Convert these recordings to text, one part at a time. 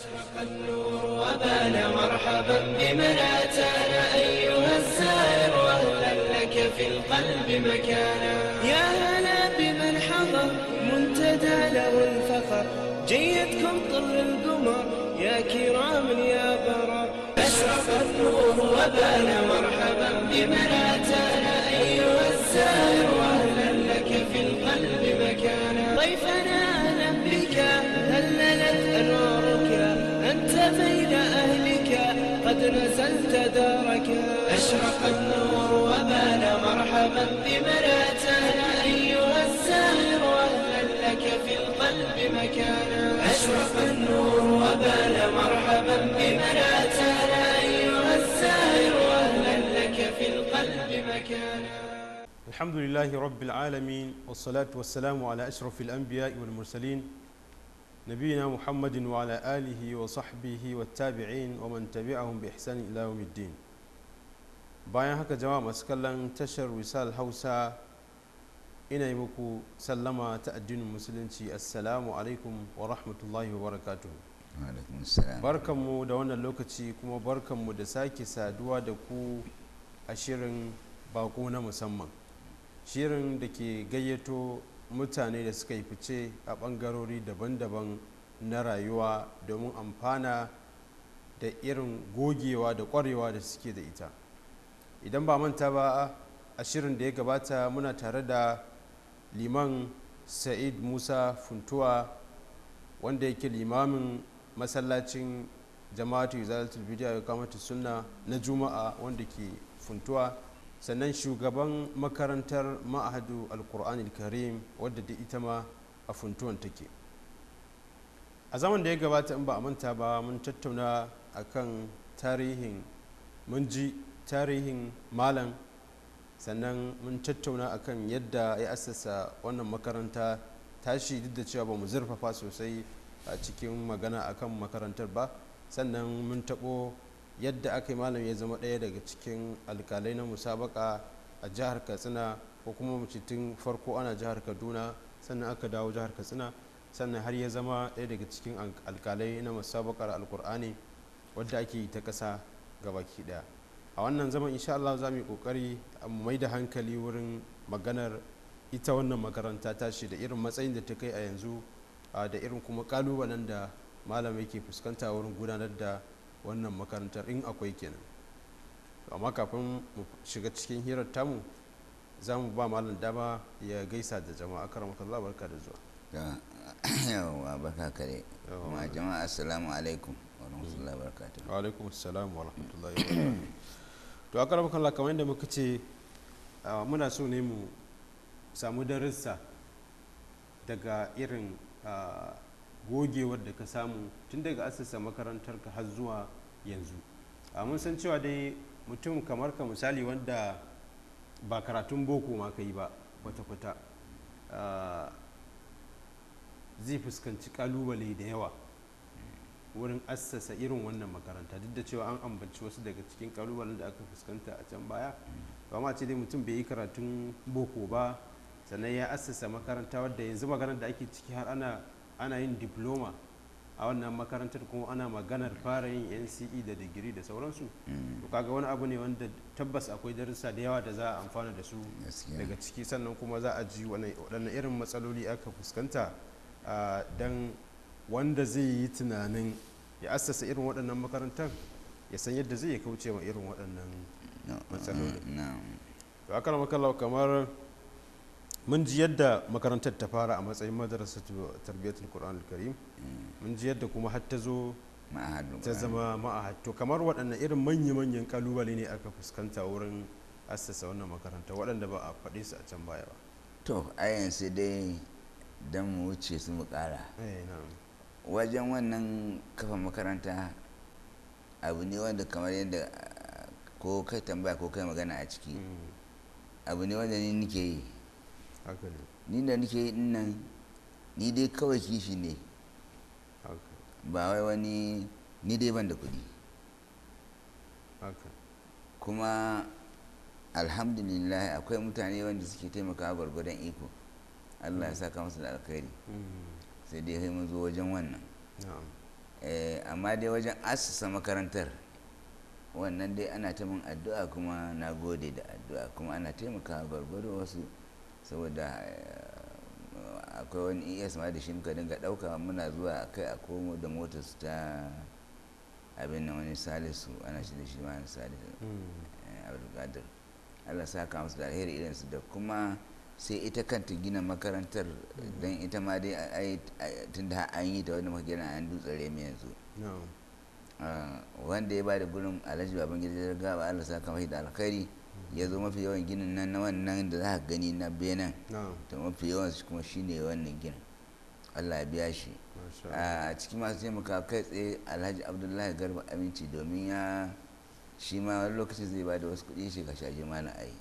أشرق النور وبان مرحبا بمن أتانا أيها الزائر أهلا لك في القلب مكانا يا هلا بمن حضر منتدى له الفخر جيدكم طر القمر يا كرام يا برا أشرق النور وبان مرحبا بمن أتانا زلت دارك أشرق النور وبان مرحبا بمراتنا أيها الساهر أهلا لك في القلب مكانا أشرق النور وبان مرحبا بمراتنا أيها الساهر أهلا لك في القلب مكانا الحمد لله رب العالمين والصلاة والسلام على أشرف الأنبياء والمرسلين نبينا محمد وعلى آله وصحبه والتابعين ومن تبعهم بإحسان إلى يوم الدين bayan haka jama'a masu kallon tashar wisal hausa ina yi muku sallama ta addinin musulunci assalamu alaikum wa rahmatullahi wa barakatuhu barkanmu da wannan lokaci kuma barkanmu da sake saduwa da ku a shirin bako na musamman shirin da ke gayyato mutane da suka yi fice a ɓangarori daban-daban na rayuwa domin amfana da irin gogewa da ƙwarewa da suke da ita idan ba manta ba a shirin da ya gabata muna tare da liman sa'id musa funtuwa wanda yake limamin masallacin jama'atu izalatul bidiyar kamata sunna na juma'a wanda ke funtuwa sannan shugaban makarantar ma'ahadu alkur'an karim wadda da ita ma a funtuwan take a zaman da ya gabata in ba a manta ba mun tattauna a kan tarihin mun ji tarihin malam sannan mun tattauna a kan yadda ya assasa wannan makaranta tashi duk da cewa ba mu zurfafa sosai a cikin magana a kan makarantar ba sannan mun taɓo yadda aka yi malam ya zama ɗaya daga cikin alkalai na musabaka a jihar katsina ko kuma tun farko ana jihar kaduna sannan aka dawo jihar katsina sannan har ya zama ɗaya daga cikin alkalai na musabakar alkur'ani wadda ake yi ta ƙasa baki ɗaya a wannan zaman insha Allah za mu yi ƙoƙari mu mai da hankali wurin maganar ita wannan makaranta ta shi da irin matsayin da ta kai a yanzu da irin kuma ƙalubalen da malam yake fuskanta wurin gudanar da wannan makarantar in akwai kenan amma kafin mu shiga cikin hirar tamu za mu ba malam dama ya gaisa da jama'a Allah barka da zuwa yawa barka kare ma jama'a assalamu alaikum wa rahmatullahi wa barakatuh wa alaikum assalam wa rahmatullahi wa barakatuh to akaramakallah kamar yadda muka ce muna so ne mu samu darussa daga irin gogewar da ka samu tun daga asasa makarantar ka har zuwa yanzu a mun san cewa dai mutum kamar ka misali wanda ba karatun boko ma ka yi ba kwata-kwata ah, zai fuskanci kalubale da yawa wurin assasa irin wannan makaranta duk da cewa an ambaci wasu daga cikin kalubalen da aka fuskanta a can baya ma ce dai mutum bai yi karatun boko ba sannan ya assasa makaranta wadda yanzu maganar da ake ciki har ana ana yin diploma a wannan makarantar kuma ana maganar fara yin nce da digiri da sauransu mm. to kaga wani abu ne wanda tabbas akwai darussa da yawa da za a amfana da su daga ciki sannan kuma za a ji waɗannan irin matsaloli aka fuskanta don wanda zai yi tunanin ya assasa irin waɗannan makarantar ya san yadda zai kauce ma irin waɗannan matsaloli mun ji yadda makarantar ta fara a matsayin madarasa tarbiyyatul qur'an karim mun ji yadda kuma har ta zo ta zama ma'ahad to kamar waɗanda irin manya-manyan kalubale ne aka fuskanta wurin assasa wannan makaranta waɗanda ba a faɗi su a can baya ba to ayan sai dai don mu wuce su mu ƙara eh, wajen wannan kafa makaranta abu ne wanda kamar yadda ko kai tambaya ko kai magana a ciki mm. abu ne wanda ni nike yi ni da nake nan ni dai kawai kishi ne ba wai wani ni dai ban da kudi kuma alhamdulillah akwai mutane wanda suke taimakawa gwargwadon iko allah ya saka masu da alkhairi mm. sai dai mun zo wajen wannan eh, amma dai wajen asusa makarantar wannan dai ana ta min addu'a kuma na gode da addu'a kuma ana taimakawa gwargwadon wasu saboda eh, akwai wani es ma da shi muka dinga ɗauka muna zuwa kai a komo da motar su ta abin nan wani salisu ana shi da shi ma salisu hmm. eh, abdulkadir allah sa ka musu da alheri irin su da kuma sai ita kanta gina makarantar hmm. don ita ma dai tun da an yi ta wani magana an dutse remi yanzu ah, wanda ya ba da gurin alhaji babangida da gaba allah sa ka da alkhairi ya zo mafi yawan ginin nan na wannan da za ka gani na benin to mafi yawan su kuma shine wannan ginin allah ya biya shi ah, a cikin masu taimaka kai tsaye alhaji abdullahi garba aminci domin ya shi ma wani lokaci zai ba da wasu kuɗi shi ka shaji ma na ai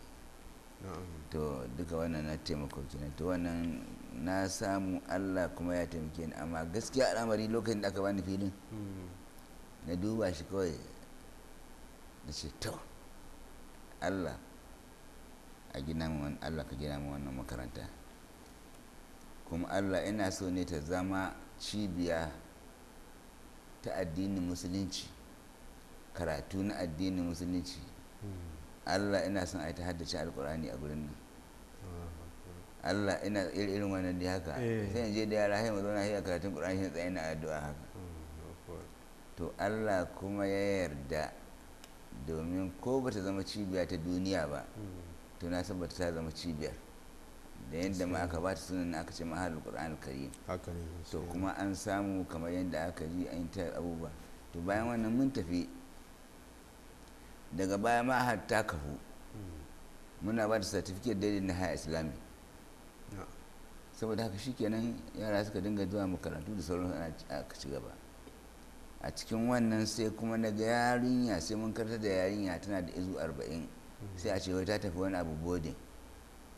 to duka wannan na taimako kenan to wannan na samu allah kuma ya taimake ni amma gaskiya al'amari lokacin da aka bani filin hmm. na duba shi kawai na ce to allah a gina allah ka gina mu wannan makaranta kuma allah ina so ne ta zama cibiya ta addinin musulunci karatu na addinin musulunci allah ina son a yi ta haddace alkurani a gurin nan allah ina irin wannan da haka eh. sai in je da yara haima zauna hiyar karatun kurani shi tsaye na addu'a haka mm, to allah kuma ya yarda domin ko ba ta zama cibiya ta duniya ba to na sabbata ta zama cibiyar da yadda ma aka ba ta sunan aka ce mahal qur'an karim to kuma an samu kamar yadda aka ji an ta abubuwa to bayan wannan mun tafi daga baya ma ta kafu muna ba da certificate daidai na haya islami saboda haka shi kenan yara suka dinga zuwa makarantu da sauran ana ci gaba a cikin wannan sai kuma na ga yarinya sai mun karta da yarinya tana da izu arba'in sai a ce wai ta tafi wani abu bodin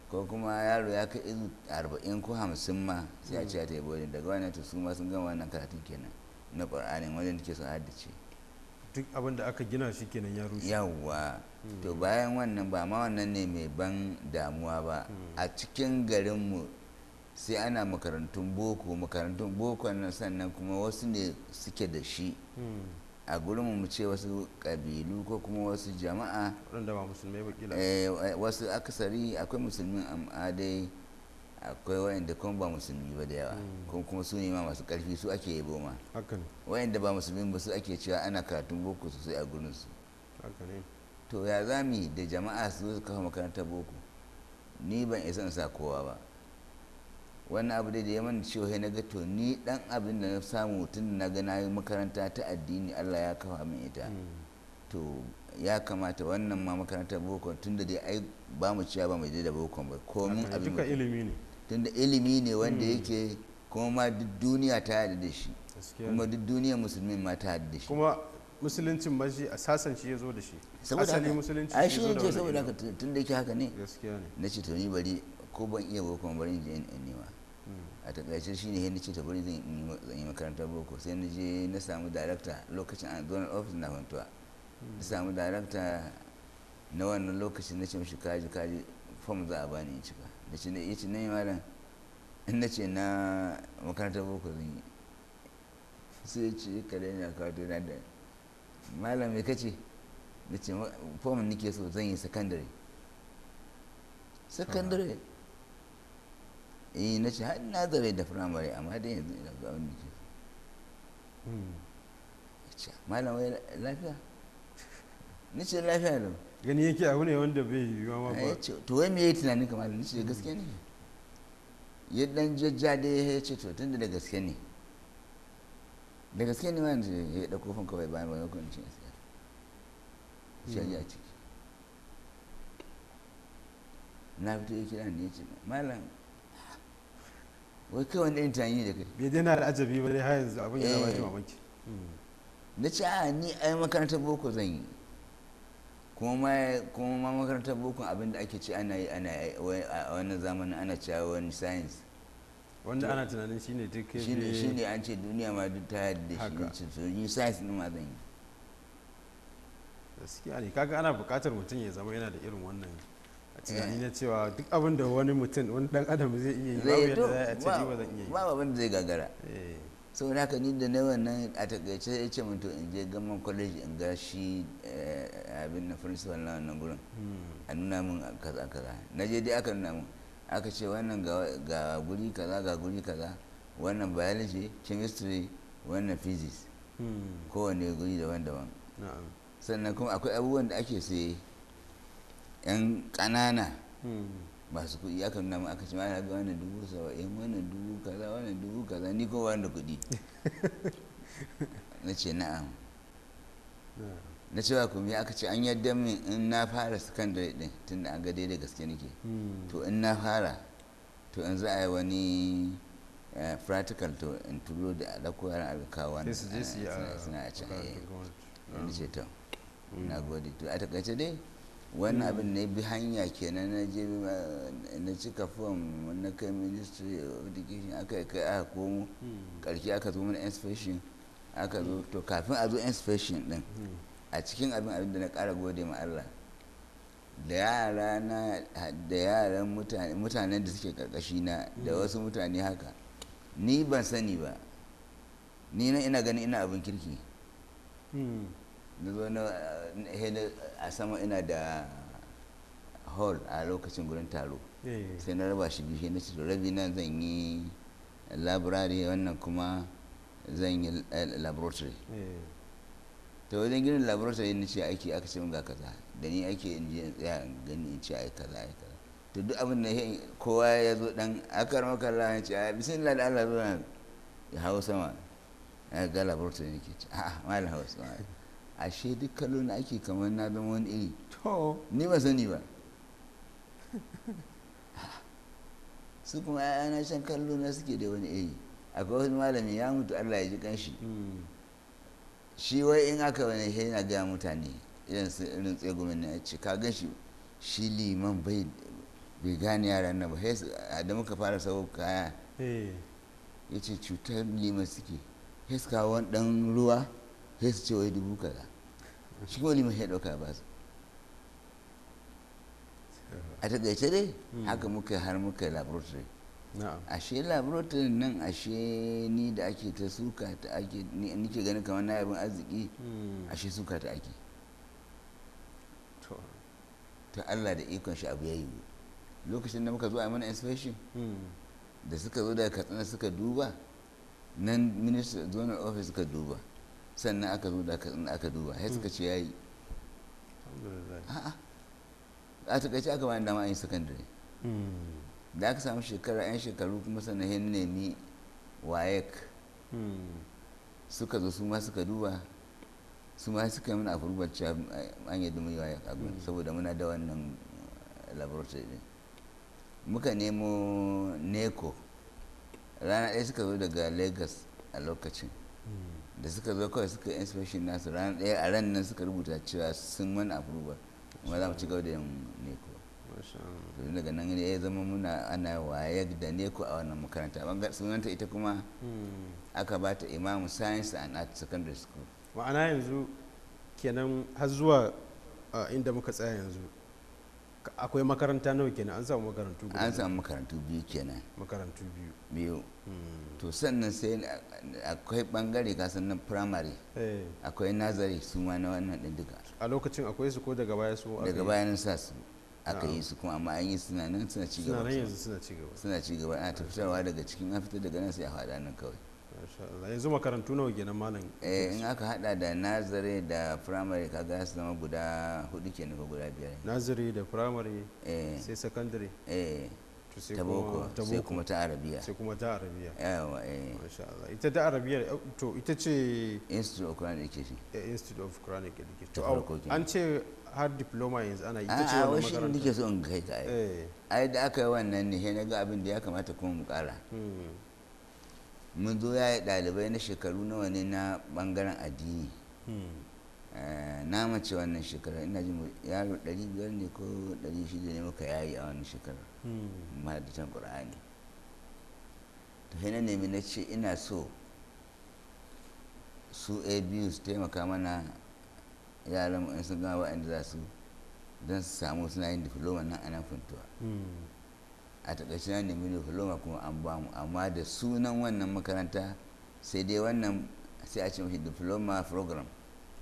ko kuma yaro ya kai izu arba'in ko hamsin ma sai a ce ta yi bodin daga wannan to su ma sun gama wannan karatun kenan na ƙwar'anin wajen da ke son haddace duk abin da aka gina shi kenan ya rushe yawwa hmm. to bayan wannan ba ma wannan ne mai ban damuwa ba hmm. a cikin garinmu sai ana makarantun boko makarantun boko nan sannan kuma wasu ne suke da shi a gurin mu ce wasu kabilu ko kuma wasu jama'a eh, wasu akasari akwai musulmin amma dai akwai wayanda kuma ba musulmi ba da yawa hmm. kuma kuma su ne ma masu karfi su ake yabo ma wayanda ba musulmi ba su ake cewa ana karatun boko sosai a gurin su to ya zami da jama'a su zo kafa makarantar boko ni ban isa in sa kowa ba wannan abu da ya mana cewa na ga to ni dan abin da na samu tun na ga na makaranta ta addini Allah ya kafa min ita mm. to ya kamata wannan ma makaranta boko tun da dai ai ba mu ciya ba mu je da boko ba komin abin duka ilimi ne tun da ilimi ne wanda mm. yake kuma ma duk duniya ta yarda da shi kuma duk duniya musulmin ma ta yarda da shi kuma musuluncin ma shi asasan shi ya zo da shi asali musulunci shi ya zo da saboda tun da yake haka ne gaskiya ne na ce to ni bari ko ban iya boko bari in je in ma. a takaice shine yadda ce ta bari zan yi makarantar boko sai na je na samu darakta lokacin a zonal office na fantuwa na samu darakta na wannan lokacin na ce mashi kaji kaji fom za a bani in cika da ce na ce na yi malam in na ce na makarantar boko zan yi sai ce ka daina ka na da malam me kace na ce fom nake so zan yi sakandare sakandare eh na ce har na zabe da firamare amma dai yanzu ina zuwa wani hmm. ce malam wai lafiya ni ce lafiya lau gani yake abu ne wanda bai yi ma ba to wai me yi tunanin kamar ni ce gaske ne ya dan jajja da ya ce to tunda da gaske ne da gaske ne wanda ya da kofin kawai bayan wani kwancin asiyar shi ya ciki na fito ya kira ne ya ce malam wai kai wani yin tunani da kai bai daina da ajabi ba dai har yanzu abin yana ba eh. mamaki na ce a ni a yi makarantar boko zan yi kuma ma makarantar boko abin da ake ce ana yi ana a wannan zamanin ana cewa wani science wanda ana tunanin shine duk shi ne an ce duniya ma duk ta yadda da shi so ni science nima ma zan yi gaskiya ne kaga ana buƙatar mutum ya zama yana da irin wannan tunani eh. na cewa duk abin da wani mutum wani dan adam zai iya yi babu eh, yadda za a ce ni ba zan iya yi ba abin da zai gagara na eh. haka ni da na wannan a takaice ya ce mutu in je gaman college in ga shi abin na principal na wannan gurin hmm. a nuna min kaza kaza na je dai aka nuna min aka ce wannan ga guri kaza ga guri kaza wannan biology chemistry wannan physics hmm. kowane guri daban-daban sannan kuma akwai abubuwan da ake sai 'yan ƙanana masu hmm. kuɗi aka nuna mu aka ce ma ga wannan dubu saba'in wani dubu kaza wani dubu kaza ni ko wani kuɗi na ce na'am na cewa kuma ya aka ce an yadda min in na fara secondary din da an ga daidai gaske nake hmm. to in na fara to in za a yi wani eh, practical to in turo da alaƙo kawo wani eh, suna a can yi eh. ce to na hmm. gode to a takaice dai wani abin ne bi hanya kenan na je na cika fom na kai ministry of education aka kai aka komo karki aka zo mana inspection aka zo to kafin a zo inspection din a cikin abin abin da na kara gode ma Allah da yara na da yaran mutanen da suke karkashi na da wasu mutane haka ni ban sani ba ni na ina ganin ina abin kirki a sama ina da hall a lokacin gurin taro eh. sai na raba shi biyu na ce rabi nan zan yi laburare wannan kuma zan yi eh, laboratory eh. ta wajen gina laboratory na ce aiki aka ce ga kaza da ni ake in ji tsaya gani in ce aika za aika to duk abin da kowa ya zo dan akar makalla ya ce a ah, bismillah da Allah zo ya hawo sama ga laboratory ne ke ce a'a malam hawo sama ashe duk kallo na ake kamar na zama wani iri to ni ba sani ba su kuma yana shan kallo na suke da wani iri akwai wani malami ya mutu allah ya ji kanshi hmm. shi wai in aka wani shi na gaya mutane irin su irin tsegumin na ce ka gan shi shi liman bai bai gane yaran nan ba sai da muka fara sabo kaya eh. ya ce cutar liman suke sai su kawo wani dan ruwa sai su ce wai dubu kaza shi wani mai ya ɗauka ba su a taƙaice dai hmm. haka muka har muka laboratory ashe laboratory nan ashe ni da ake ta suka ta ake nike ganin kamar na yabin arziki hmm. ashe suka ta ake ta allah da ikon shi abu ya yi lokacin da muka zo a mana inspection hmm. da suka zo daga katsina suka duba nan minister zonal office suka duba sannan aka zo da aka duba ya suka ce yi a takaice aka bayan dama a yi sakandare hmm. da aka samu shekara 'yan shekaru kuma sanahin nemi wayek hmm. suka zo su ma suka duba su ma suka mana afurbar cewa an yi dumi wayek a e gudu hmm. saboda muna da wannan eh, laboratory ne muka nemo neko rana ɗaya suka zo daga lagos a lokacin da suka zo kawai suka inspection nasu ranar ɗaya a ran nan suka rubuta cewa sun mana approval kuma za mu ci gaba da yin neko to daga nan ya zama muna ana waye da neko a wannan makaranta bangar sunanta ita kuma hmm. aka ba ta imamu science and art secondary school ma'ana yanzu kenan har zuwa inda muka tsaya yanzu akwai makaranta nawa kenan an samu makarantu biyu an samu makarantu biyu kenan makarantu biyu biyu hmm. to sannan sai akwai bangare ga sannan primary eh. akwai nazari su ma na wannan din duka a lokacin akwai su ko daga baya su daga baya nan sa su aka yi ah. su kuma amma an yi suna nan suna ci gaba suna yanzu suna ci gaba suna ci gaba ana daga cikin an fita daga nan sai a hada nan kawai yanzu makarantu nawa gina malam eh in aka hada da nazare da primary ga su zama guda hudu ke ko guda biyar nazare da primary eh. sai secondary eh ta boko sai kuma ta arabiya sai kuma ta arabiya yawa eh masha Allah ita ta arabiya to ita ce institute of quranic education eh, institute of quranic education to an ce har diploma yanzu ana ita ce ah, wannan makaranta a nake so in kai ka ai eh. da aka yi wannan ne na ga abin da ya kamata kuma mu kara hmm. mun zo ya yi ɗalibai na shekaru nawa ne na ɓangaren addini hmm. eh, na mace wannan shekarar ina jin yaro 500 ne ko 600 ne muka yayi a wannan shekarar mahadatan hmm. ƙur'ani ta hina nemi na ce ina so su a biyu su taimaka mana yaran in sun gama wa'anda za su don su samu suna yin diploma nan a nan funtuwa hmm. a takashi na nemi diploma kuma an bamu amma da sunan wannan makaranta sai dai wannan sai a ce mashi diploma program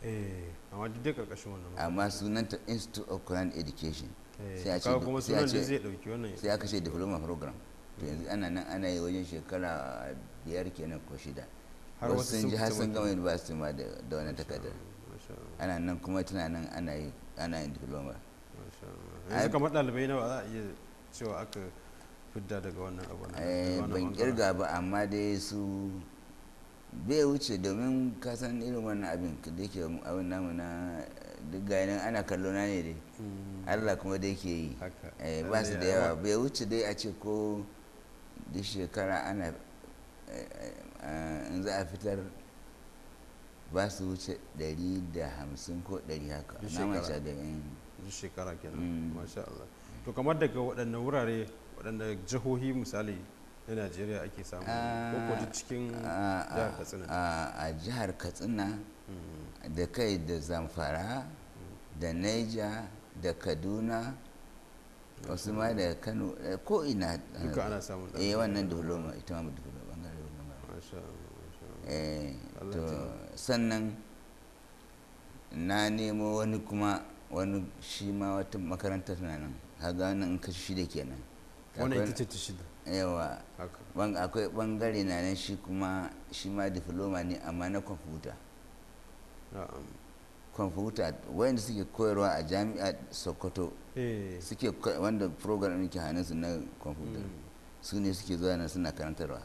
eh, amma duk da wannan amma sunan ta institute of Quran education eh, sai a ce kuma sunan da zai dauki wannan sai aka ce diploma program to yanzu ana nan ana yi wajen shekara biyar kenan ko shida har wasu sun ji har sun gama university ma da wani takardar ana nan kuma tana nan ana yi yin diploma yanzu kamar ɗalibai za a iya cewa aka fidda daga wannan abu eh, ban kirga ba amma dai su bai wuce domin kasan irin wannan abin da ke abin namu na duk ganin ana kallo na ne dai hmm. allah kuma dai ke yi eh, ba su da yawa bai wuce dai a ce ko duk shekara ana eh, in za a fitar ba su wuce 150 ko 100 haka na mace da yin shekara kenan hmm. masha Allah to kamar daga waɗannan wurare waɗanda jihohi misali na najeriya ake samu ko cikin jihar katsina a jihar katsina mm-hmm. da kai da zamfara da naija da kaduna mm-hmm. wasu ma da kano eh, ko ina eh, duka ana samun eh wannan diploma ita ma diploma bangare diploma eh to sannan na nemo wani kuma wani shi ma wata makarantar na nan kaga wannan in ka shi da kenan wannan ita ce ta shida yawa akwai bangare na nan shi kuma shi ma diploma ne amma na kwamfuta kwamfuta wanda suke koyarwa a jami'a sokoto eh. suke wanda program ɗin ke hannunsu na kwamfuta hmm. su ne suke zuwa nan suna karantarwa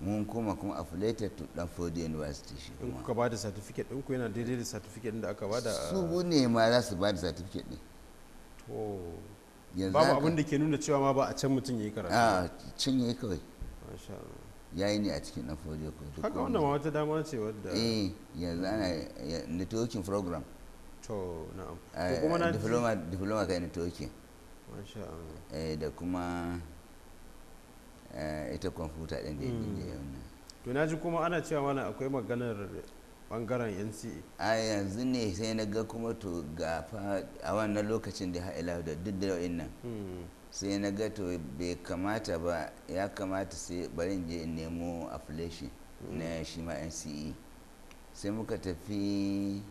mun kuma kuma affiliated to Danford University shi kuma. kuka ba da certificate ɗin ku yana daidai da certificate da aka ba da. Su ne ma za su ba da certificate ɗin. Oh. babu abin da ke nuna cewa ma ba a can mutum ya yi karatu a ah, can ya yi kawai ya yi ne a cikin na fodiyo ko haka wannan ma wata dama ce wadda eh yanzu ana networking program to na'am ko ah, kuma na diploma diploma kai networking masha Allah eh da kuma eh, ita computer din da yake hmm. wannan to na ji kuma ana cewa mana akwai maganar bangaren nca a yanzu ne sai na ga kuma to ga a wannan lokacin da ila da duk da nan hmm. sai na ga to bai kamata ba ya kamata sai barin je in nemo affiliation hmm. na shi ma nce sai muka tafi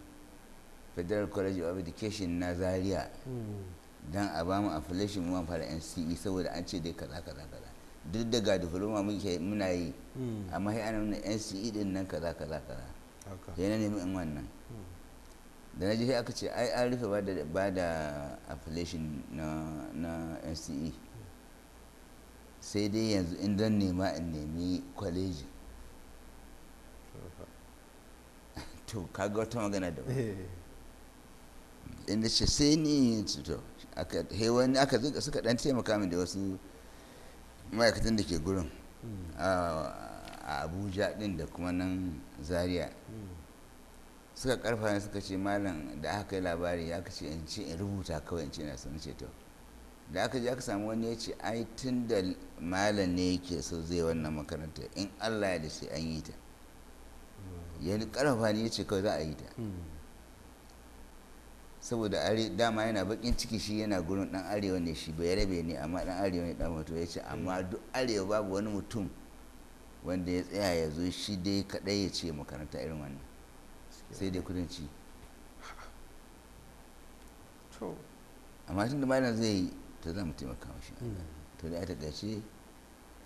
federal college of education na zaria hmm. don a ba mu affiliation mu fara nce saboda an ce dai kaza kaza kaza duk daga diploma muke muna yi amma sai ana nce din nan kaza kaza kaza sai na nemi in wannan da na ji aka ce ai an rufe ba da affiliation na nce sai dai yanzu in don nema in nemi kwaleji to kaga wata magana da inda eh. ce sai ni to wani aka zuka suka dan taimaka min da wasu ma'aikatan da ke gurin hmm. ah, a abuja din da kuma nan zaria suka karfa suka ce malam da aka yi labari ya ce in ce in rubuta kawai in ce na sun ce to da aka sami aka samu wani ya ce ai tun da malam ne yake so zai wannan makaranta in allah ya da sai an yi ta ya karfa ne ya ce kawai za a yi ta saboda dama yana bakin ciki shi yana gurin dan arewa ne shi bai rabe ne amma dan arewa ne dan wato ya ce amma duk arewa babu wani mutum wanda ya tsaya ya zo shi dai kaɗai ya ce makaranta irin wannan sai dai kudanci amma tun da malam zai yi to zama mu taimaka mashi mm. to da ta gace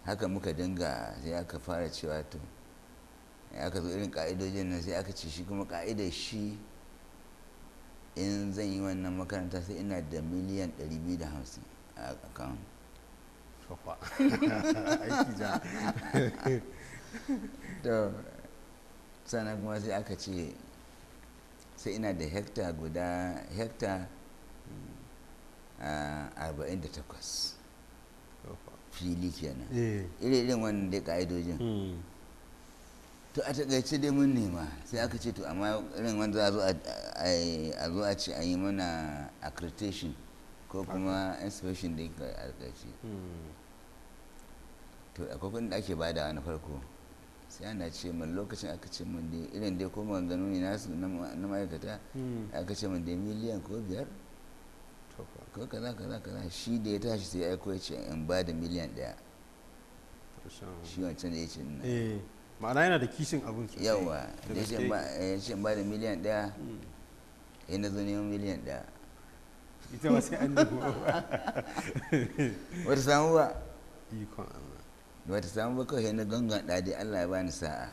haka muka dinga sai aka fara cewa to aka zo irin ka'idojin nan sai aka ce shi kuma ka'idar shi in zan yi wannan makaranta sai ina da miliyan 250 a account haka to kuma sai aka ce sai ina da hekta guda hekta 48 ah, fili kenan eh. irin wannan dai ka'idojin hmm. to a takaice dai mun nema sai aka ce to amma irin wanda za a zo a ce an yi mana accreditation ko kuma inspiration da ka takaice hmm. to akwai kuɗin da ake bada na farko sai ana ce min lokacin aka ce mun dai irin dai ko maganganu ne nasu na ma'aikata hmm. aka ce mun dai miliyan ko biyar ko kaza kaza kaza shi da ya tashi sai aiko ya ce in ba da miliyan daya. shi wancan da ya ce nuna eh, ma'ana yana da kishin abin sosai yawa da ya ce in ba da miliyan daya, ya hmm. na zo neman miliyan daya. ita wasu sai an ba wata samuwa ikon Allah ba ta samu ba kawai na gangan ɗadi allah ya bani sa'a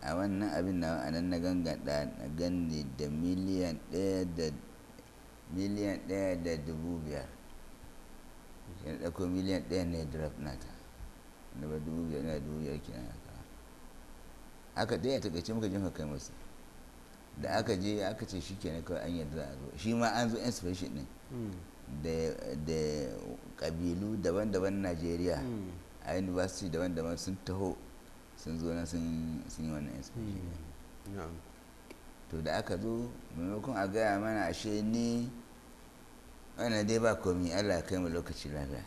a wannan abin na anan na gangan na ganni da miliyan ɗaya da miliyan ɗaya da dubu biyar yana ɗauko miliyan ɗaya ne draft nata na ba dubu biyar na dubu biyar kina haka aka ɗaya ta kace muka jin kai masu da aka je aka ce shi kenan kawai an yadda a zo shi ma an zo inspiration ne. Hmm. da ƙabilu daban-daban najeriya hmm. a university daban-daban sun taho sun zo na sun yi wannan hmm. to da aka zo maimakon a gaya mana ashe ni wannan dai ba komi allah kai mu lokaci lafiya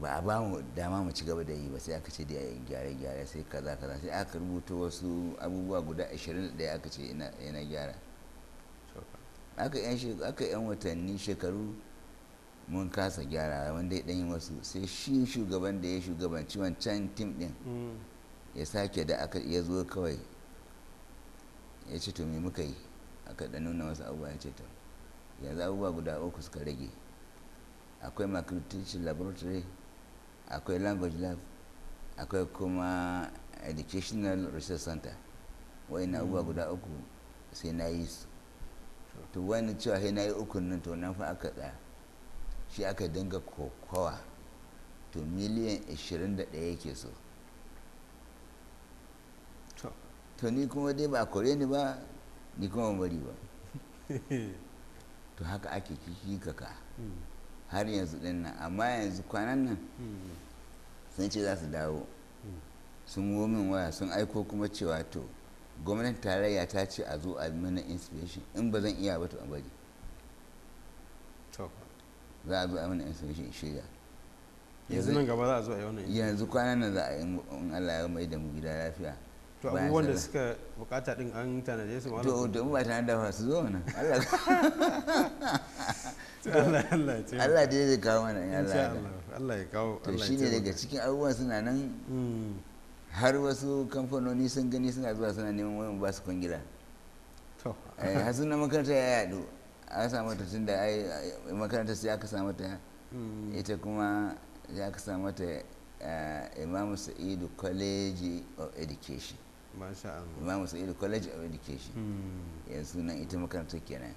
ba a ba mu dama mu ci gaba da yi ba sai aka ce da gyare-gyare sai kaza kaza sai aka rubuta wasu abubuwa guda 21 aka ce yana gyara aka yan watanni shekaru mun kasa gyara wanda ya ɗanyi wasu sai shi shugaban da ya shugabanci wancan tim ɗin mm. ya sake da aka ya zo kawai ya ce to me muka yi aka da nuna wasu abubuwa ya ce to yanzu abubuwa guda uku suka rage akwai mathematician laboratory akwai language lab akwai kuma educational research center na abubuwa mm. guda uku sai na yi su to wani cewa sai na yi uku nan to nan fa aka tsaya shi aka dinga kokowa to miliyan 21 yake so to ni kuma dai ba kore ni ba ni kuma bari ba to haka ake kiki kaka hmm. har yanzu din nan amma yanzu kwanan nan hmm. sun ce za su dawo hmm. sun womin waya sun aiko kuma cewa to gwamnatin tarayya ta ce a zo a mana inspiration in ba zan iya ba to a bari za a zo a mana installation shirya. yanzu nan gaba za a zo a yi yanzu kwanan nan za a yi in Allah ya mai da mu gida lafiya to abubuwan da suka bukata din an tanaje su malam to to ba ta da su zo nan Allah Allah Allah dai zai kawo mana in Allah Allah ya kawo Allah to shine daga cikin abubuwan suna nan hmm. har wasu kamfanoni sun gani suna zuwa suna neman wani ba su kwangila to eh, har suna makaranta ya yadu an samu ta tun da makaranta makarantar sai aka samu ta hmm. ita kuma ya aka samu ta eh, imamu sa'idu college of education imamu sa'idu college of education hmm. yanzu nan ita makarantar kenan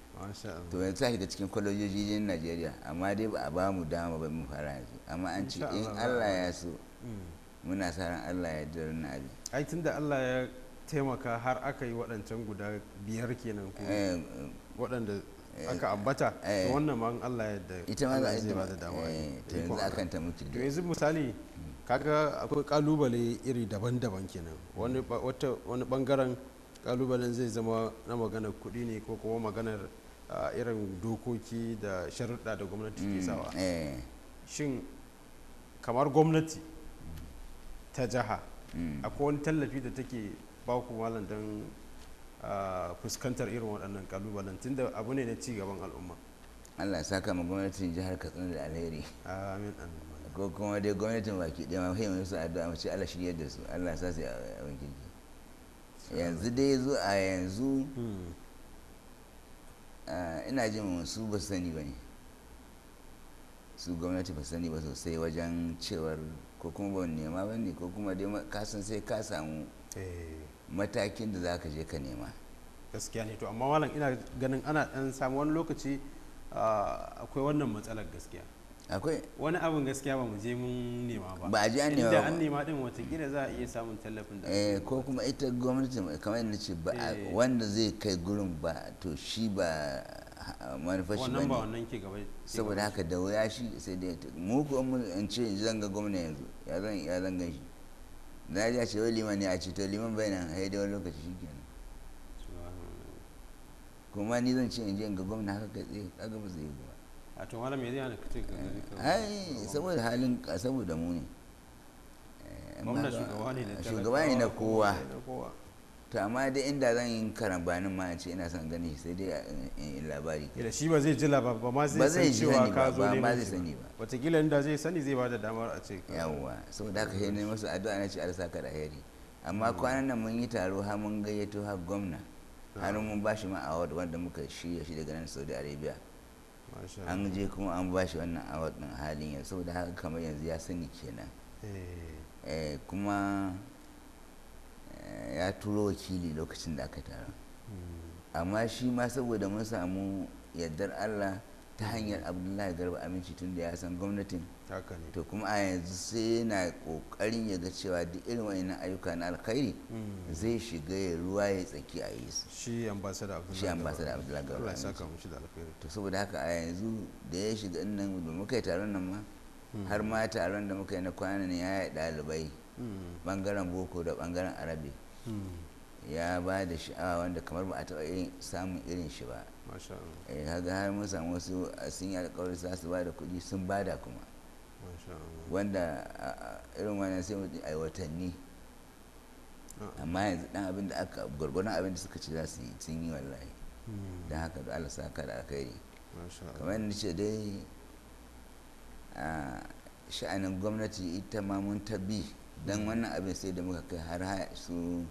to yanzu ta shiga cikin kwalojojin najeriya amma dai ba a ba mu dama ba mu fara yanzu amma an ce in allah ya so hmm. muna sa ran allah ya dora na bi. ai tun da allah ya taimaka har aka yi waɗancan guda biyar kenan ku. Eh, eh. waɗanda Eh, aka ambata eh. wannan ma Allah ya da ita ma za ba da dawo eh, to yanzu aka ta muke to yanzu misali kaga akwai kalubale iri daban-daban kenan wani wata wani bangaren kalubalen zai zama na maganar kuɗi ne ko kuma maganar irin dokoki da sharuɗa da gwamnati ke mm, sawa shin kamar gwamnati ta jiha mm. akwai wani tallafi da take ba ku malam don fuskantar irin waɗannan kalubalen tunda abu ne na ci gaban al'umma allah saka ma gwamnatin jihar katsina da alheri amin ko kuma dai gwamnatin baki ɗaya ma fahimta su addu'a mace allah shirya da su allah sa su a wankin yanzu dai zo a yanzu hmm. ina jin su ba su sani ba ne su gwamnati ba su sani ba sosai wajen cewar ko kuma ba nema ba ne ko kuma dai kasan sai ka samu eh. matakin da za ka je ka nema gaskiya ne to amma walan ina ganin ana dan samu wani lokaci akwai wannan matsalar gaskiya akwai wani abin gaskiya ba mu je mun nema ba ba a je an nema ba an nema din watakila za a iya samun tallafin da eh ko kuma ita gwamnati kamar yadda ce ba eh. wanda zai kai gurin ba to shi ba manufar shi bane wannan ke gaba saboda haka da wuya shi sai dai mu ko mun ce zanga gwamnati yanzu ya zan ya zan shi za a ce wai liman ne a ce to liman bai nan haidai wani lokaci shi nan kuma ni zan ce in je ga gwamna haka kai tsaye kaga ba zai yi ba a to malam ya zai ka ce ga ai saboda halin saboda mu ne eh, gwamna shugaba ne na kowa to amma dai inda zan yi karambanin ma ce ina son gani sai dai in labari kila shi ba zai ji labar ba ma zai san cewa ka zo ne ba zai sani ba watakila inda zai sani zai bada damar a ce yawwa saboda haka aka ne masu addu'a na ce arsa ka da hari amma kwanan nan mun yi taro har mun gayyato har gwamna har ah. mun ba shi ma award wanda muka shirya shi daga nan saudi arabia an je kuma an ba shi wannan award din halin yanzu saboda haka kamar yanzu ya sani kenan eh. Eh, kuma ya turo wakili lokacin da aka tara amma shi ma saboda mun samu yardar allah ta hanyar abdullahi garba aminci tun da ya san gwamnatin to kuma a yanzu sai yana kokarin ya ga cewa duk irin wayannan ayyuka na alkhairi hmm. zai shiga ya ruwa ya tsaki a yi su shi ambasada abdullahi garba aminci to saboda haka a yanzu da ya shiga nan da muka yi taron nan ma hmm. har ma taron da muka yi na kwanan ya yi ɗalibai bangaren hmm. boko da bangaren arabi ya ba da sha'awa wanda kamar ba a taɓa samun irin shi ba eh, kaga har mun samu wasu sun yi alkawari za su ba da kuɗi sun ba da kuma wanda irin wannan sai mutum a watanni amma yanzu dan abin da aka gwargwaron abin da suka ci za su yi sun yi wallahi hmm. don haka da Allah saka da alkhairi kamar yadda ce dai a sha'anin gwamnati ita ma mun ta bi don wannan abin sai da muka kai har su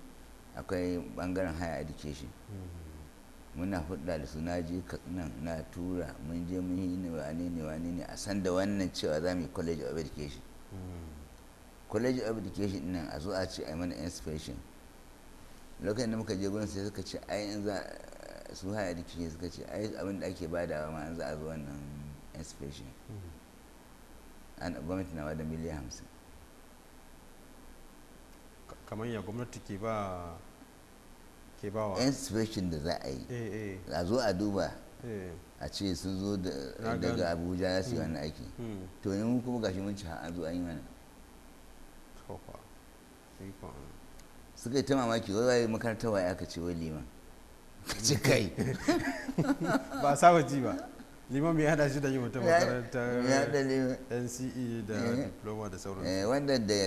akwai bangaren haya education mm-hmm. muna hudda da su na je nan na tura mun je mun yi ne wane ne wane ne a san da wannan cewa za mu yi college of education mm-hmm. college of education nan a zo a ce a yi mana inspiration lokacin da muka je gudun sai suka ce ai in za su haya education suka ce ai abin da ake badawa ma an za a zo wannan inspiration mm-hmm. an gwamnati na da miliyan hamsin kamar ya gwamnati ke ba ke ba wa inspection da za a yi eh, eh. a zo a duba eh. a ce sun zo daga abuja ya su wani aiki hmm. to ne mun kuma gashi mun ci an zo an yi mana suka yi ta mamaki wai makarantar waya aka ce wai liman ka ce kai ba saba ji ba Liman ya hada shi da yi wata makarantar nce da eh. diploma da sauransu eh,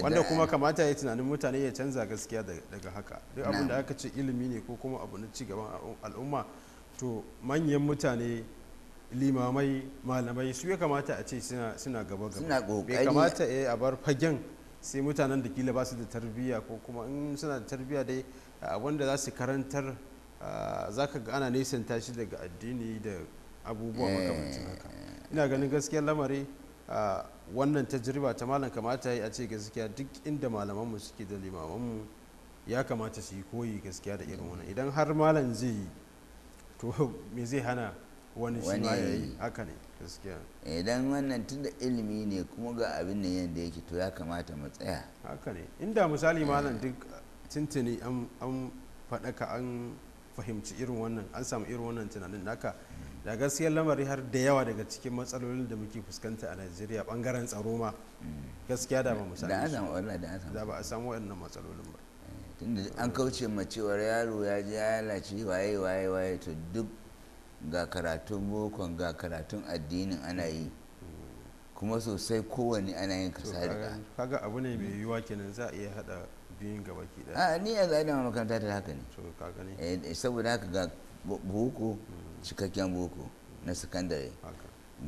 wanda kuma kamata ya tunanin mutane ya canza gaskiya daga haka duk abin da aka ce ilimi ne ko kuma abu na cigaban al'umma to manyan mutane limamai malamai su ya kamata a ce suna gaba gaba bai kamata eh, a bar fagen sai mutanen da kila ba su da tarbiyya ko kuma in suna da tarbiyya dai wanda za su karantar za ka ga ana nesanta shi daga addini da abubuwa eh. makamancin haka ina ganin gaskiyar lamari wannan tajriba ta malam kamata yi a ce gaskiya duk inda malamanmu suke da limamanmu ya kamata su yi koyi gaskiya da irin wannan idan har malam zai yi to me zai hana wani shi ma ya yi haka ne gaskiya idan wannan tun da ilimi ne kuma ga abin nan yadda yake to ya kamata mu tsaya haka ne inda misali malam duk tuntuni an faɗaka an fahimci irin wannan an samu irin wannan tunanin naka da gaskiyar lamari har da yawa daga cikin matsalolin da muke fuskanta a najeriya bangaren tsaro ma gaskiya da ba mu da ba a samu waɗannan matsalolin ba eh, tunda an kauce ma cewar yaro ya ji ya waye waye waye to duk ga karatun bokon ga karatun addinin ana yi kuma sosai kowane ana yin kasa kaga abu ne mai yiwuwa kenan za a iya hada biyun gaba ki daya a ni yanzu a makaranta ta haka ne eh, saboda haka ga buku cikakken boko na sakandare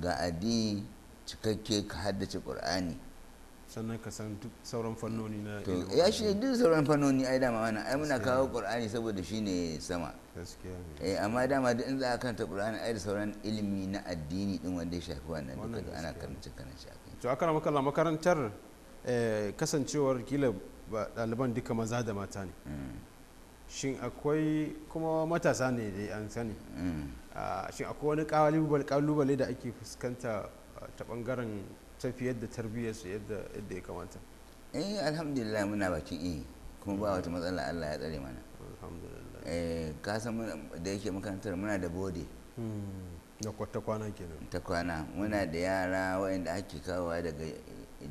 ga addini cikakke ka haddace ƙur'ani sannan ka san duk sauran fannoni na to ya shi duk sauran fannoni ai dama wannan ai muna kawo qur'ani saboda shi ne sama eh amma dama duk in za a karanta qur'ani ai da sauran ilimi na addini din wanda ya shafi wannan duka ana karanta kana shafi to aka maka Allah makarantar eh, kasancewar kila ɗaliban duka maza da mata ne mm. shin akwai kuma matasa ne dai an sani mm. shi akwai wani kalubale da ake fuskanta ta bangaren tafiyar da su yadda ya kamata eh alhamdulillah muna bakin iya e, kuma ba wata matsala allah ya tsare mana eh kasan da yake makarantar muna da bode da hmm, kwata kwana kenan ta kwana muna da yara waɗanda ake kawowa daga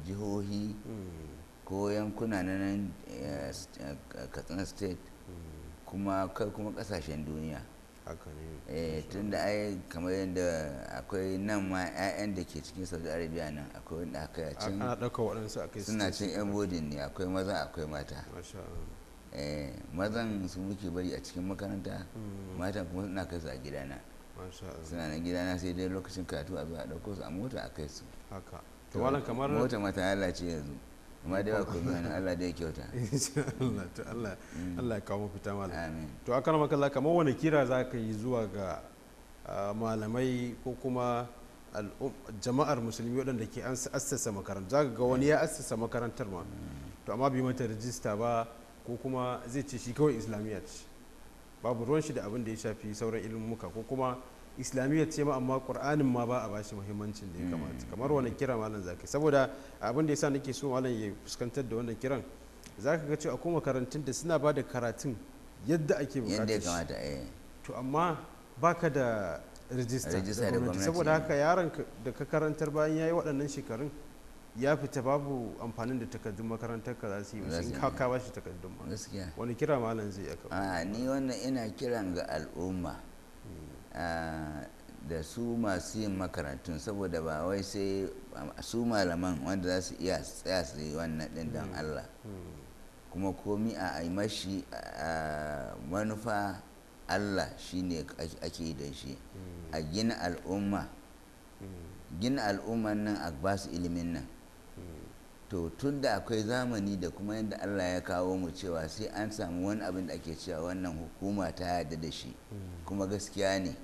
jihohi hmm. ko yankuna na nan eh, eh, katsina state hmm. kuma kai kuma kasashen duniya eh tun da ai kamar yadda akwai nan ma 'ya'yan da ke cikin saudi arabia nan akwai wanda aka yi cin suna cin yan bodin ne akwai maza akwai mata eh mazan sun muke bari a cikin makaranta mm. matan kuma suna kai su a gidana suna na gidana sai dai lokacin karatu a zuwa ɗauko su a mota a kai su haka to kamar mota mata lalace yanzu amma da yawa kuma yana Allah da ya kyauta Allah to Allah mm. Allah ya kawo fita malam amin to akan makalla kamar wani kira za ka yi zuwa ga malamai ko kuma jama'ar musulmi waɗanda ke an assasa makaranta za ga wani ya assasa makarantar ma mm. to amma bai mata rajista ba ko kuma zai ce shi kawai islamiyya ce babu ruwan shi da abin da ya shafi sauran ilimin muka ko kuma islamiyya ce ma amma qur'anin ma ba a bashi muhimmancin da ya kamata hmm. kamar wannan kira malam zaka saboda abin da yasa nake so malam ya fuskantar da wannan kiran zaka ga cewa akwai makarantun da suna ba da karatun yadda ake bukata eh to amma baka da register saboda haka eh. yaron da ka karantar bayan yayi waɗannan shekarun ya fita babu amfanin da takardun makarantar ka za su yi in ka shi takardun ma wani kira malam zai yi kawo ni wannan ina kiran ga al'umma da su masu yin makarantun saboda ba wai sai su malaman wanda za su iya tsaya su yi wannan ɗin don hmm. Allah hmm. kuma komi a aimashi a manufa Allah shine ake yi da shi hmm. a gina al'umma gina al'umman nan a basu ilimin nan to tun da akwai zamani da kuma yadda allah ya kawo mu cewa sai an samu wani abin da ake cewa wannan hukuma ta yarda da shi mm. kuma gaskiya ne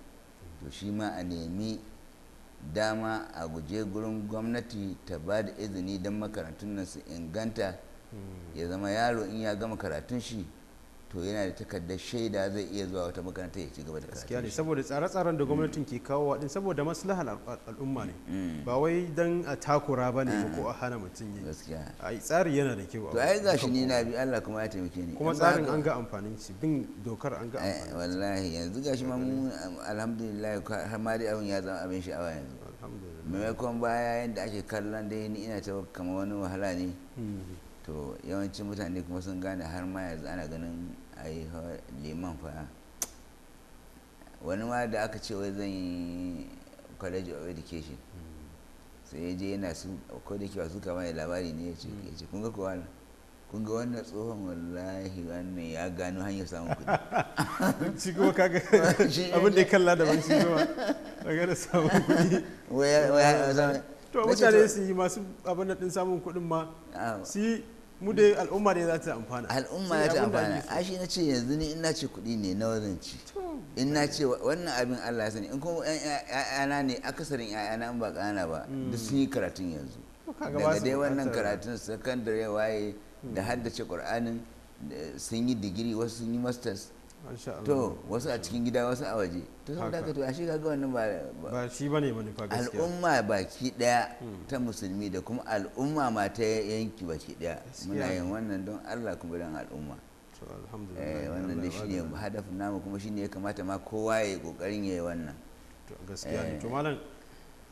to shi ma a nemi dama a guje gurin gwamnati ta ba da izini don makarantun nan su inganta mm. ya zama yaro in ya gama karatun shi to yana da takardar shaida zai iya zuwa wata makaranta ya ci gaba da gaskiya ne saboda tsare-tsaren da mm. gwamnatin ke kawo din saboda maslahar al'umma ne mm. ba wai dan a takura ba ne ko mm. a hana mutum yi gaskiya ai tsari yana da kyau to ai gashi ni na bi Allah kuma ya taimake ni kuma tsarin an ga amfanin shi bin dokar an ga eh, amfanin wallahi yanzu gashi ma mun alhamdulillah har ma dai abin ya zama abin sha'awa yanzu maimakon baya yadda ake kallon dai ni ina ta kamar wani wahala ne to yawancin mutane kuma sun gane har ma yanzu ana ganin ai liman fa wani ma da aka ce wai zan yi college of education sai ya je yana su ko da kewa kama da labari ne ya ce kun ga kowa kun ga wannan tsohon wallahi wannan ya gano hanyar samun kuɗi shi kuma kaga abin da ya kalla da ban ci kuma a da samun kuɗi to mutane su yi masu abin da samun kuɗin ma su yi mu dai al'umma ne za ta amfana al'umma za ta amfana a shi na ce yanzu ni ina ce kuɗi ne na wajen ci ina ce wannan abin Allah sani in kuma ya'yana ne akasarin ya'yana in ba ƙana ba hmm. duk sun yi karatun yanzu daga dai wannan karatun sakandare waye da haddace ƙur'anin sun yi digiri wasu sun yi masters to wasu a cikin gida wasu a waje to sun daga to ashe kaga wannan ba ba shi bane manufa gaskiya al'umma baki daya hmm. ta musulmi da kuma al'umma ma ta yanki baki daya muna yin wannan don Allah kuma don al'umma eh, wannan da shine hadafin namu kuma shine ya kamata ma kowa ya kokarin yayi wannan gaskiya ne to eh. malam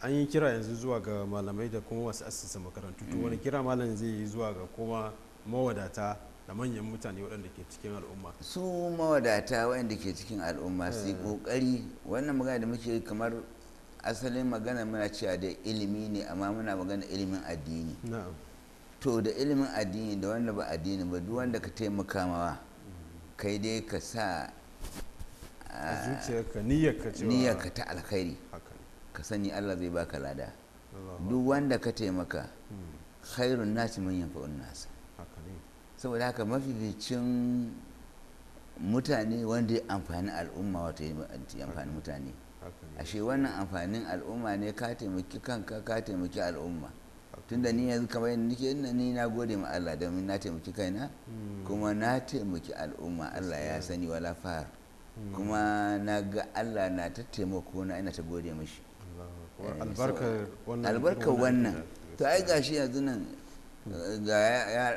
an yi kira yanzu zuwa ga malamai da kuma wasu assasa makarantu to hmm. wani kira malam zai yi zuwa ga kuma mawadata da manyan mutane waɗanda ke cikin al'umma su mawadata waɗanda ke cikin al'umma su yi eh. ƙoƙari wannan magana da muke kamar asalin magana muna cewa da ilimi ne amma muna magana ilimin addini to da ilimin addini da wanda ba addini ba duk wanda ka taimaka mawa kai dai ka sa ah, niyyarka ta alkhairi ka sani Allah zai baka lada duk wanda ka taimaka hmm. khairun nasi man yanfa'un nasa saboda haka mafificin mutane wanda ya amfani al'umma wata yi amfani mutane ashe wannan amfanin al'umma ne ka taimaki kanka ka taimaki al'umma tunda ni yanzu kamar yadda nake ina ni na gode ma Allah domin na taimaki kaina kuma na taimaki al'umma Allah ya sani wala far kuma na ga Allah na ta taimako na ina ta gode mishi eh, albarka wannan to ai gashi yanzu nan Wani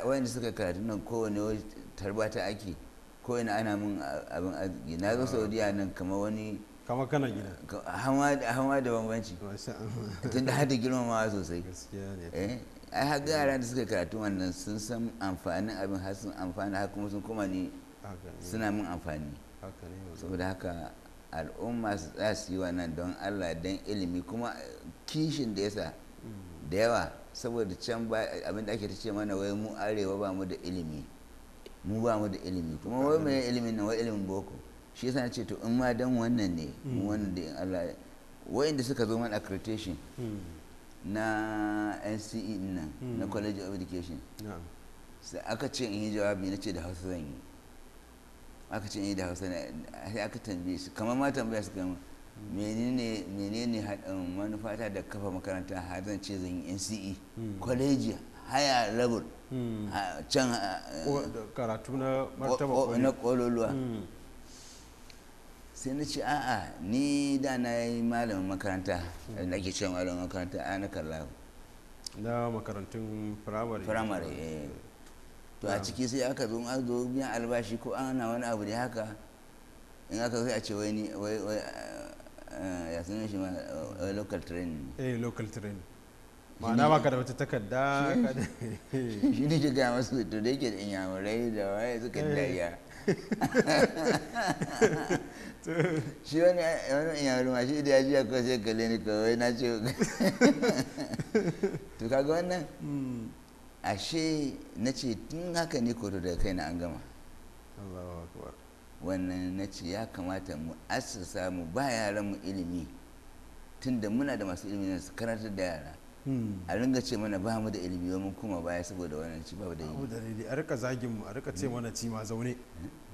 wayanda suka karatu nan kowane tarbata ake kowane ana mun abin arziki na zo saudiya nan kama wani kama kana gida hama da bambanci tun da hada girmamawa sosai a haka yara da suka karatu wannan sun san amfanin abin har sun amfani har kuma sun kuma ne suna mun amfani saboda haka al'umma su tsaya su yi wannan don allah don ilimi kuma kishin da yasa mm. da yawa saboda can ba abin da ake ta ce mana wai mu arewa ba mu da ilimi mu ba mu da ilimi kuma wai mai ilimin nan wai ilimin boko shi yasa ce to in ma dan wannan ne mu hmm. wannan da in Allah wayanda suka zo mana accreditation hmm. na NCE nan na hmm. College of Education sai aka ce in yi jawabi na ce da Hausa zan yi aka ce in yi da Hausa sai aka tambaye su kamar ma tambaya su kamar menene menene um, manufata da kafa makaranta har zan ce zan yi nce hmm. college haya level hmm. can karatu na martaba na kololuwa hmm. sai na ce a'a ni da na yi malamin makaranta da ke cewa malamin makaranta a na karla na makarantun firamare firamare eh. to a ciki sai aka zo an zo biyan albashi ko ana wani abu da haka in aka zai a ce wai Eh, ya sunan shi ma eh, local train eh local train ma'ana baka da wata takarda shi ne shiga masu to da yake da inyamurai da waye suka eh. dariya shi wani inyamurai ma shi da ya jiya ko sai kalle ni kawai na ce to kaga wannan hmm. ashe na ce tun haka ne koto da kai na an gama Allahu akbar wannan na ce ya kamata mu asasa mu ba yaran mu ilimi tunda muna da masu ilimi su karantar da yara hmm. a ringa ce mana ba mu da ilimi mun kuma baya saboda wannan ci ba da ilimi a rika zagin mu a rika ce mana ci ma zaune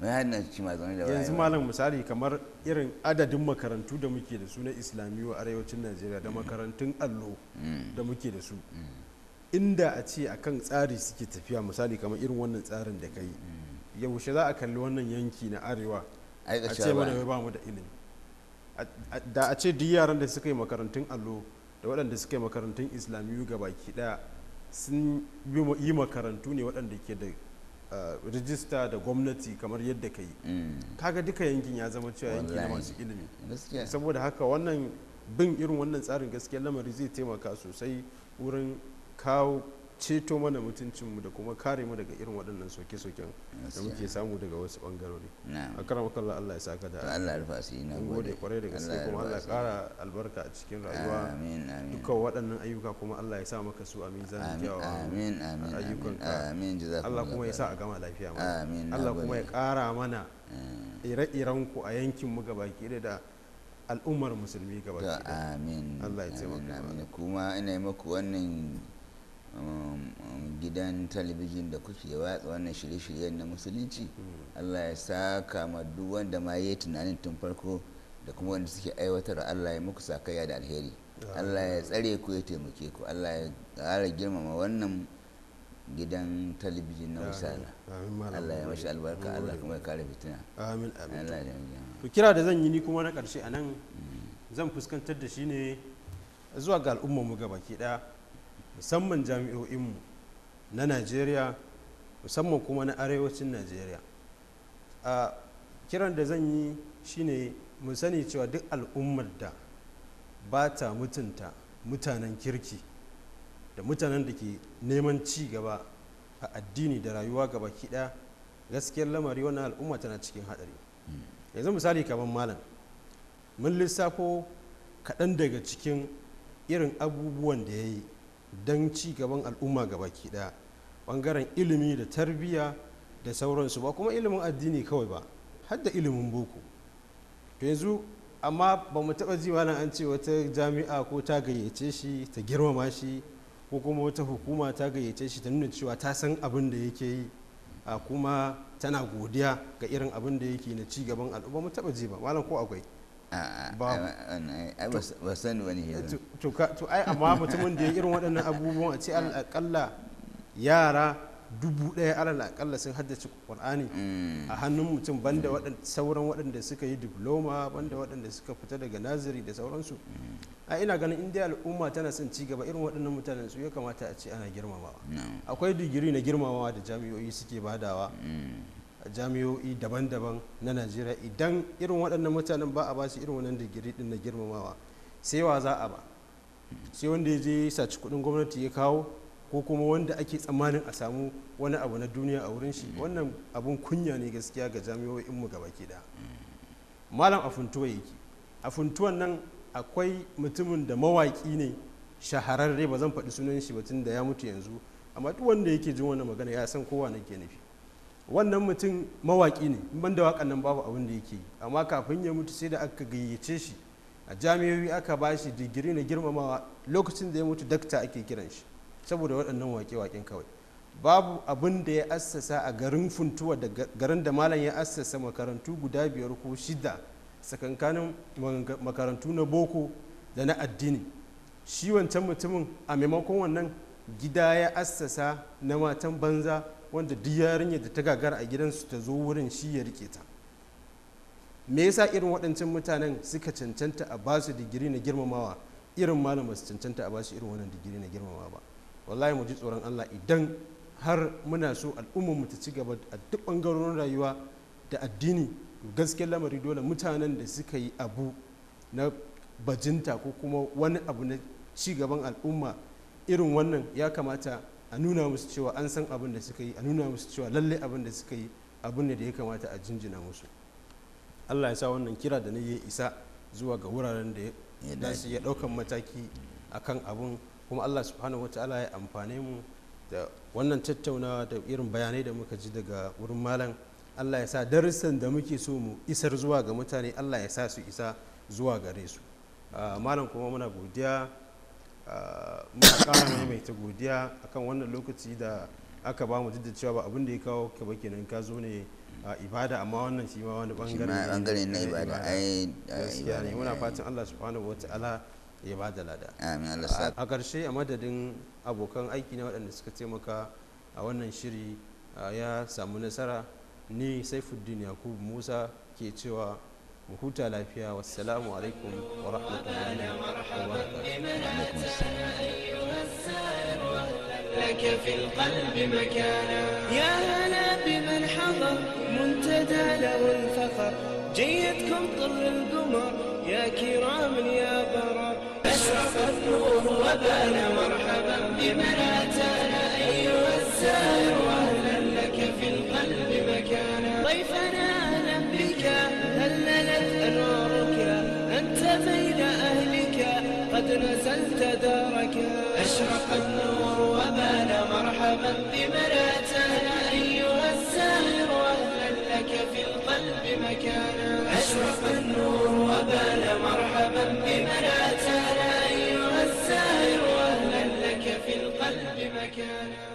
hannun ci ma zaune da yanzu malam misali kamar irin adadin makarantu da muke da su na islamiyu a arewacin najeriya da makarantun allo hmm. da muke da su hmm. inda a ce akan tsari suke tafiya misali kamar irin wannan tsarin da ka yi yaushe za a kalli wannan yanki na arewa a ce mana ba mu da ilimi da a ce duk yaran da suka yi makarantun allo da waɗanda suka yi makarantun islamiyu ga baki ɗaya sun yi makarantu ne waɗanda ke da rijista da gwamnati kamar yadda ka yi mm. kaga duka yankin ya zama cewa yanki na masu ilimi saboda haka wannan bin irin wannan tsarin gaskiya lamari zai taimaka sosai wurin kawo ceto mana mutuncinmu da kuma kare mu daga irin waɗannan soke-soken da muke samu daga wasu ɓangarori a karan kallon Allah ya sa saka da Allah alfasi na gode kwarai da gaske kuma Allah ya ƙara albarka a cikin rayuwa dukkan waɗannan ayyuka kuma Allah ya sa maka su Amin zan kyawawa amin amin ayyukan Allah kuma ya sa a gama lafiya Allah kuma ya ƙara mana ire-iren ku a yankin mu gaba da al'ummar musulmi gaba amin Allah ya taimaka kuma ina yi maku wannan Um, gidan talabijin da kuke watsa wannan shirye-shiryen na musulunci hmm. allah ya saka ma duk wanda ma ya tunanin tun farko da kuma wanda suke aiwatar allah ya muku sakayya da alheri allah ya tsare ku ya taimake ku allah ya ƙara girmama wannan gidan talabijin na musala. allah ya mashi albarka allah kuma ya kare fitina amin amin to kira da zan yi ni kuma na karshe a nan hmm. zan fuskantar da shi ne zuwa ga al'ummar mu gabaki daya musamman jami'o'inmu na najeriya musamman kuma na arewacin najeriya a kiran da zan yi shine mu sani cewa duk al'ummar da ba ta mutunta mutanen kirki da mutanen da ke neman ci gaba a addini da rayuwa gaba kiɗa gaskiyar lamari wannan al'umma tana cikin haɗari hmm. yanzu misali kamar malam mun lissafo kaɗan daga cikin irin abubuwan da ya yi don ci gaban al'umma ga baki daya bangaren ilimi da tarbiyya da sauransu ba kuma ilimin addini kawai ba hadda ilimin boko to yanzu amma ba mu taba ji nan an ce wata jami'a ko ta gayyace shi ta girmama shi ko kuma wata hukuma ta gayyace shi ta nuna cewa ta san abin da yake yi a kuma tana godiya ga irin abin da yake na ci gaban al'umma mu taɓa ji ba malam ko akwai ba sani wani hira to amma mutumin da ya irin waɗannan abubuwan a ce yara dubu ɗaya alal akalla sun haddace Kur'ani. Mm. a hannun mutum banda sauran waɗanda suka yi diploma banda waɗanda suka fita daga naziri da sauransu mm. a ina ganin inda al'umma tana son ci gaba irin waɗannan mutanen su ya kamata a ce ana girmamawa akwai digiri na girmamawa da jami'o'i suke badawa mm. jami'o'i daban-daban na najeriya idan irin waɗannan mutanen ba a ba su irin wannan digiri din na girmamawa sai wa za a ba sai wanda ya je saci kuɗin gwamnati ya kawo ko kuma wanda ake tsammanin a samu wani abu na duniya a wurin shi wannan abun kunya ne gaskiya ga jami'o'in mu gaba ke da. malam afuntuwa yake afuntuwan nan akwai mutumin da mawaƙi ne shahararre ba zan faɗi sunan shi batun da ya mutu yanzu amma duk wanda yake jin wannan magana ya san kowa nake nufi wannan mutum mawaƙi ne ban da waƙan nan babu abin da yake yi amma kafin ya mutu sai da aka gayyace shi a jami'o'i aka ba shi digiri na girmamawa lokacin da ya mutu dakta ake kiran shi saboda waɗannan waƙe-waƙen kawai babu abin da ya assasa a garin funtuwa da garin da malam ya assasa makarantu guda biyar ko shida sakankanin makarantu na boko da na addini shi wancan mutumin a maimakon wannan gida ya assasa na matan banza wanda duk yarinyar da ta gagara a gidansu ta zo wurin shi ya rike ta me yasa irin waɗancan mutanen suka cancanta a ba su digiri na girmamawa irin malam ba su cancanta a ba su irin wannan digiri na girmamawa ba wallahi mu ji tsoron Allah idan har muna so al'ummar mu ta ci gaba a duk bangarorin rayuwa da addini gaskiyar lamari dole mutanen da suka yi abu na bajinta ko kuma wani abu na ci gaban al'umma irin wannan ya kamata a nuna musu cewa an san abin da suka yi a nuna musu cewa lallai abin da suka yi abin da ya kamata a jinjina musu allah ya sa wannan kira da na ya isa zuwa ga wuraren da ya shi ya ɗaukan mataki a kan abin kuma allah subhanahu wataala ya amfane mu da wannan tattaunawa da irin bayanai da muka ji daga wurin malam allah ya sa darussan da muke so mu isar zuwa ga mutane allah ya sa su isa zuwa gare su ah, malam kuma muna godiya ne mai ta godiya akan wannan lokaci da aka ba mu duk da cewa ba abin da ya kawo ka ba kenan ka zo ne a ibada amma wannan shi ma wani bangare bangare na ibada ai gaskiya ne muna fatan Allah subhanahu wataala ya ba da lada amin Allah a karshe a madadin abokan aiki na waɗanda suka taimaka a wannan shiri ya samu nasara ni Saifuddin Yakubu Musa ke cewa mu huta lafiya wassalamu alaikum لك في القلب مكانا يا هلا بمن حضر منتدى له الفخر جيتكم طر القمر يا كرام يا برر أشرق النور وبان مرحبا بمن أتانا أيها الزائر نزلت أشرق النور وبان مرحبا بمناته أيها أهلا لك في القلب مكانا أشرق النور وبان مرحبا أيها الساهر أهلا لك في القلب مكانا